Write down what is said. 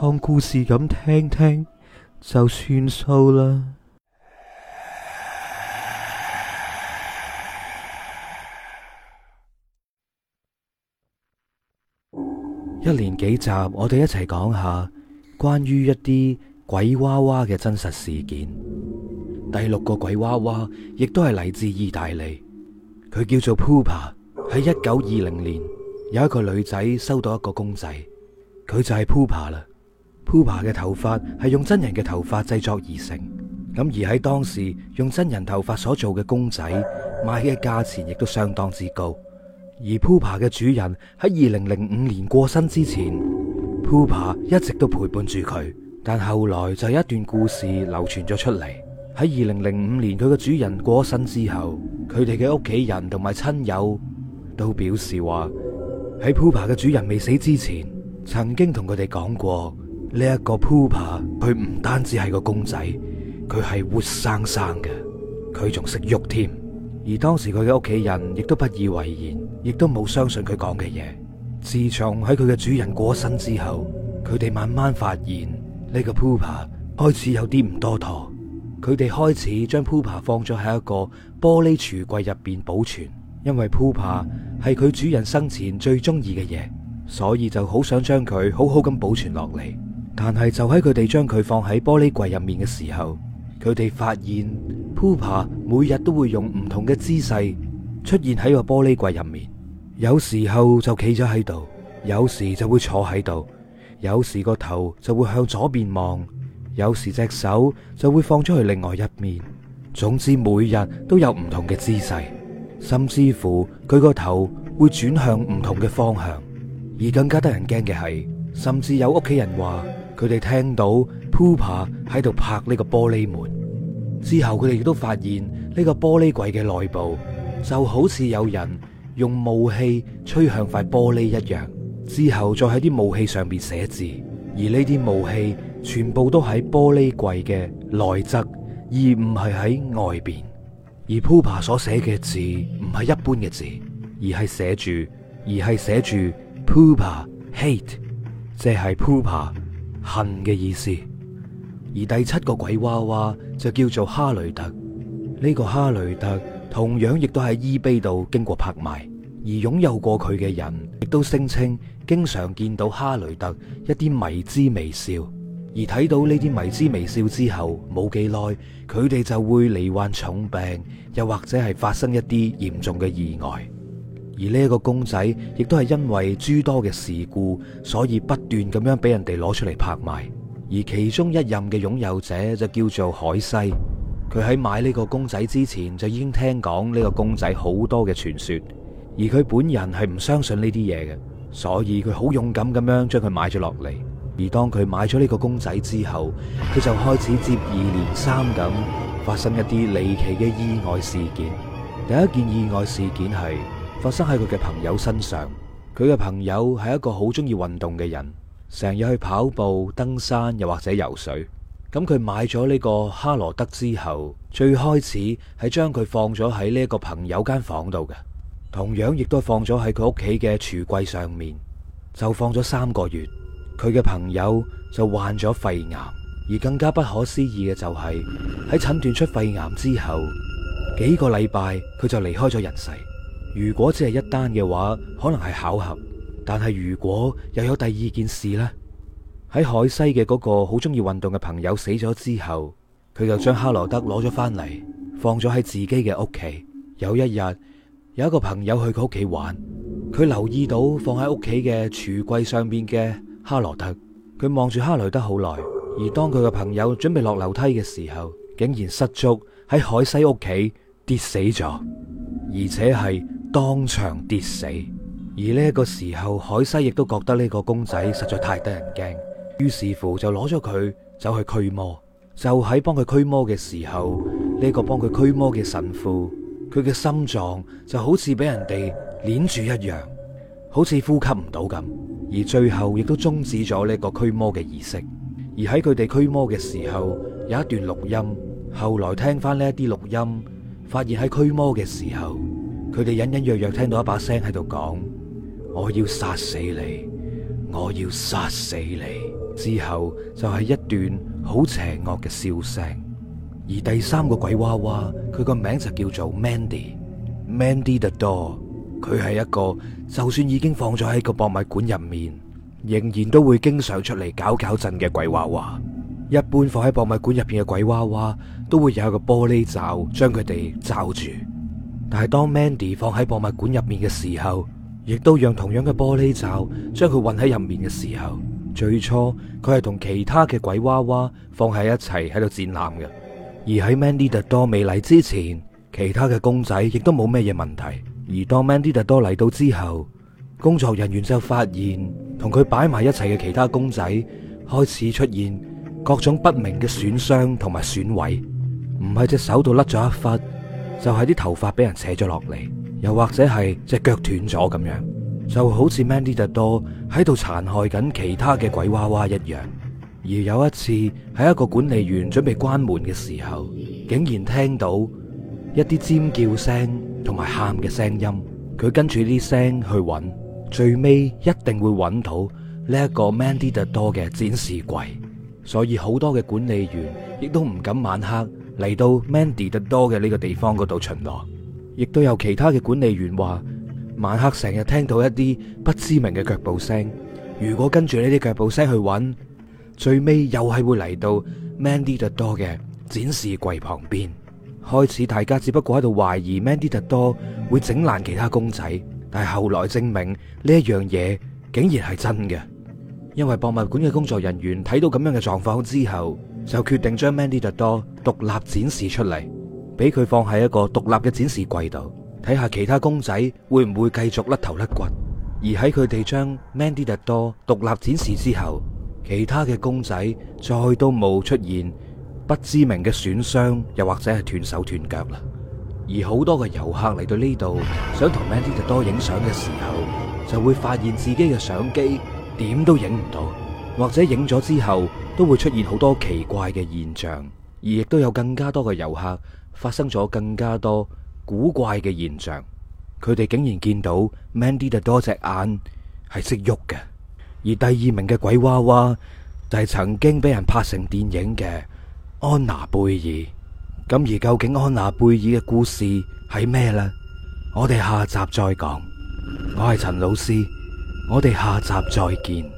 當故事咁聽聽就算數啦。一連幾集，我哋一齊講下關於一啲鬼娃娃嘅真實事件。第六個鬼娃娃亦都係嚟自意大利，佢叫做 Pupa。喺一九二零年，有一個女仔收到一個公仔，佢就係 Pupa 啦。Pupa 嘅頭髮係用真人嘅頭髮製作而成，咁而喺當時用真人頭髮所做嘅公仔賣嘅價錢亦都相當之高，而 Pupa 嘅主人喺二零零五年過身之前，Pupa 一直都陪伴住佢，但後來就有一段故事流傳咗出嚟。喺二零零五年佢嘅主人過身之後，佢哋嘅屋企人同埋親友都表示話，喺 Pupa 嘅主人未死之前，曾經同佢哋講過。呢一個 Pupa 佢唔單止係個公仔，佢係活生生嘅，佢仲識喐添。而當時佢嘅屋企人亦都不以為然，亦都冇相信佢講嘅嘢。自從喺佢嘅主人過身之後，佢哋慢慢發現呢個 Pupa 開始有啲唔多妥，佢哋開始將 Pupa 放咗喺一個玻璃櫥櫃入邊保存，因為 Pupa 係佢主人生前最中意嘅嘢，所以就好想將佢好好咁保存落嚟。但係就喺佢哋將佢放喺玻璃櫃入面嘅時候，佢哋發現 Pupa 每日都會用唔同嘅姿勢出現喺個玻璃櫃入面，有時候就企咗喺度，有時就會坐喺度，有時個頭就會向左邊望，有時隻手就會放出去另外一面，總之每日都有唔同嘅姿勢，甚至乎佢個頭會轉向唔同嘅方向。而更加得人驚嘅係，甚至有屋企人話。佢哋聽到 Pupa 喺度拍呢個玻璃門之後，佢哋亦都發現呢個玻璃櫃嘅內部就好似有人用霧氣吹向塊玻璃一樣。之後再喺啲霧氣上邊寫字，而呢啲霧氣全部都喺玻璃櫃嘅內側，而唔係喺外邊。而 Pupa 所寫嘅字唔係一般嘅字，而係寫住，而係寫住 Pupa Hate，即係 Pupa 恨嘅意思，而第七個鬼娃娃就叫做哈雷特。呢個哈雷特同樣亦都喺伊比度經過拍賣，而擁有過佢嘅人亦都聲稱經常見到哈雷特一啲迷之微笑，而睇到呢啲迷之微笑之後，冇幾耐佢哋就會罹患重病，又或者係發生一啲嚴重嘅意外。而呢個公仔亦都係因為諸多嘅事故，所以不斷咁樣俾人哋攞出嚟拍賣。而其中一任嘅擁有者就叫做海西。佢喺買呢個公仔之前就已經聽講呢個公仔好多嘅傳說，而佢本人係唔相信呢啲嘢嘅，所以佢好勇敢咁樣將佢買咗落嚟。而當佢買咗呢個公仔之後，佢就開始接二連三咁發生一啲離奇嘅意外事件。第一件意外事件係發生喺佢嘅朋友身上，佢嘅朋友係一個好中意運動嘅人，成日去跑步、登山，又或者游水。咁佢買咗呢個哈羅德之後，最開始係將佢放咗喺呢個朋友間房度嘅，同樣亦都係放咗喺佢屋企嘅櫥櫃上面，就放咗三個月，佢嘅朋友就患咗肺癌，而更加不可思議嘅就係喺診斷出肺癌之後幾個禮拜，佢就離開咗人世。如果只係一單嘅話，可能係巧合。但係如果又有第二件事呢？喺海西嘅嗰個好中意運動嘅朋友死咗之後，佢就將哈羅德攞咗翻嚟，放咗喺自己嘅屋企。有一日，有一個朋友去佢屋企玩，佢留意到放喺屋企嘅櫥櫃上面嘅哈羅德，佢望住哈羅德好耐。而當佢嘅朋友準備落樓梯嘅時候，竟然失足喺海西屋企跌死咗，而且係。當場跌死，而呢一個時候，海西亦都覺得呢個公仔實在太得人驚，於是乎就攞咗佢走去驅魔。就喺幫佢驅魔嘅時候，呢個幫佢驅魔嘅神父，佢嘅心臟就好似俾人哋捏住一樣，好似呼吸唔到咁，而最後亦都終止咗呢個驅魔嘅儀式。而喺佢哋驅魔嘅時候，有一段錄音，後來聽翻呢一啲錄音，發現喺驅魔嘅時候。佢哋隱隱約約聽到一把聲喺度講：我要殺死你，我要殺死你。之後就係一段好邪惡嘅笑聲。而第三個鬼娃娃，佢個名就叫做 Mandy，Mandy the Door。佢係一個就算已經放咗喺個博物館入面，仍然都會經常出嚟搞搞震嘅鬼娃娃。一般放喺博物館入邊嘅鬼娃娃，都會有一個玻璃罩將佢哋罩住。但係當 Mandy 放喺博物館入面嘅時候，亦都用同樣嘅玻璃罩將佢混喺入面嘅時候，最初佢係同其他嘅鬼娃娃放喺一齊喺度展覽嘅。而喺 Mandy the Doll 未嚟之前，其他嘅公仔亦都冇咩嘢問題。而當 Mandy the Doll 嚟到之後，工作人員就發現同佢擺埋一齊嘅其他公仔開始出現各種不明嘅損傷同埋損毀，唔係隻手度甩咗一忽。就係啲頭髮俾人扯咗落嚟，又或者係隻腳斷咗咁樣，就好似 Mandy 多喺度殘害緊其他嘅鬼娃娃一樣。而有一次喺一個管理員準備關門嘅時候，竟然聽到一啲尖叫聲同埋喊嘅聲音，佢跟住啲聲去揾，最尾一定會揾到呢一個 Mandy 多嘅展示櫃。所以好多嘅管理員亦都唔敢晚黑。嚟到 Mandy 特多嘅呢個地方嗰度，巡邏，亦都有其他嘅管理員話，晚黑成日聽到一啲不知名嘅腳步聲。如果跟住呢啲腳步聲去揾，最尾又係會嚟到 Mandy 特多嘅展示櫃旁邊。開始大家只不過喺度懷疑 Mandy 特多會整爛其他公仔，但係後來證明呢一樣嘢竟然係真嘅，因為博物館嘅工作人員睇到咁樣嘅狀況之後，就決定將 Mandy 特多。獨立展示出嚟，俾佢放喺一個獨立嘅展示櫃度睇下，看看其他公仔會唔會繼續甩頭甩骨？而喺佢哋將 Mandito 獨立展示之後，其他嘅公仔再都冇出現不知名嘅損傷，又或者係斷手斷腳啦。而好多嘅遊客嚟到呢度想同 Mandito 影相嘅時候，就會發現自己嘅相機點都影唔到，或者影咗之後都會出現好多奇怪嘅現象。而亦都有更加多嘅遊客發生咗更加多古怪嘅現象，佢哋竟然見到 Mandy 嘅多隻眼係識喐嘅，而第二名嘅鬼娃娃就係、是、曾經俾人拍成電影嘅安娜貝爾。咁而究竟安娜貝爾嘅故事係咩呢？我哋下集再講。我係陳老師，我哋下集再見。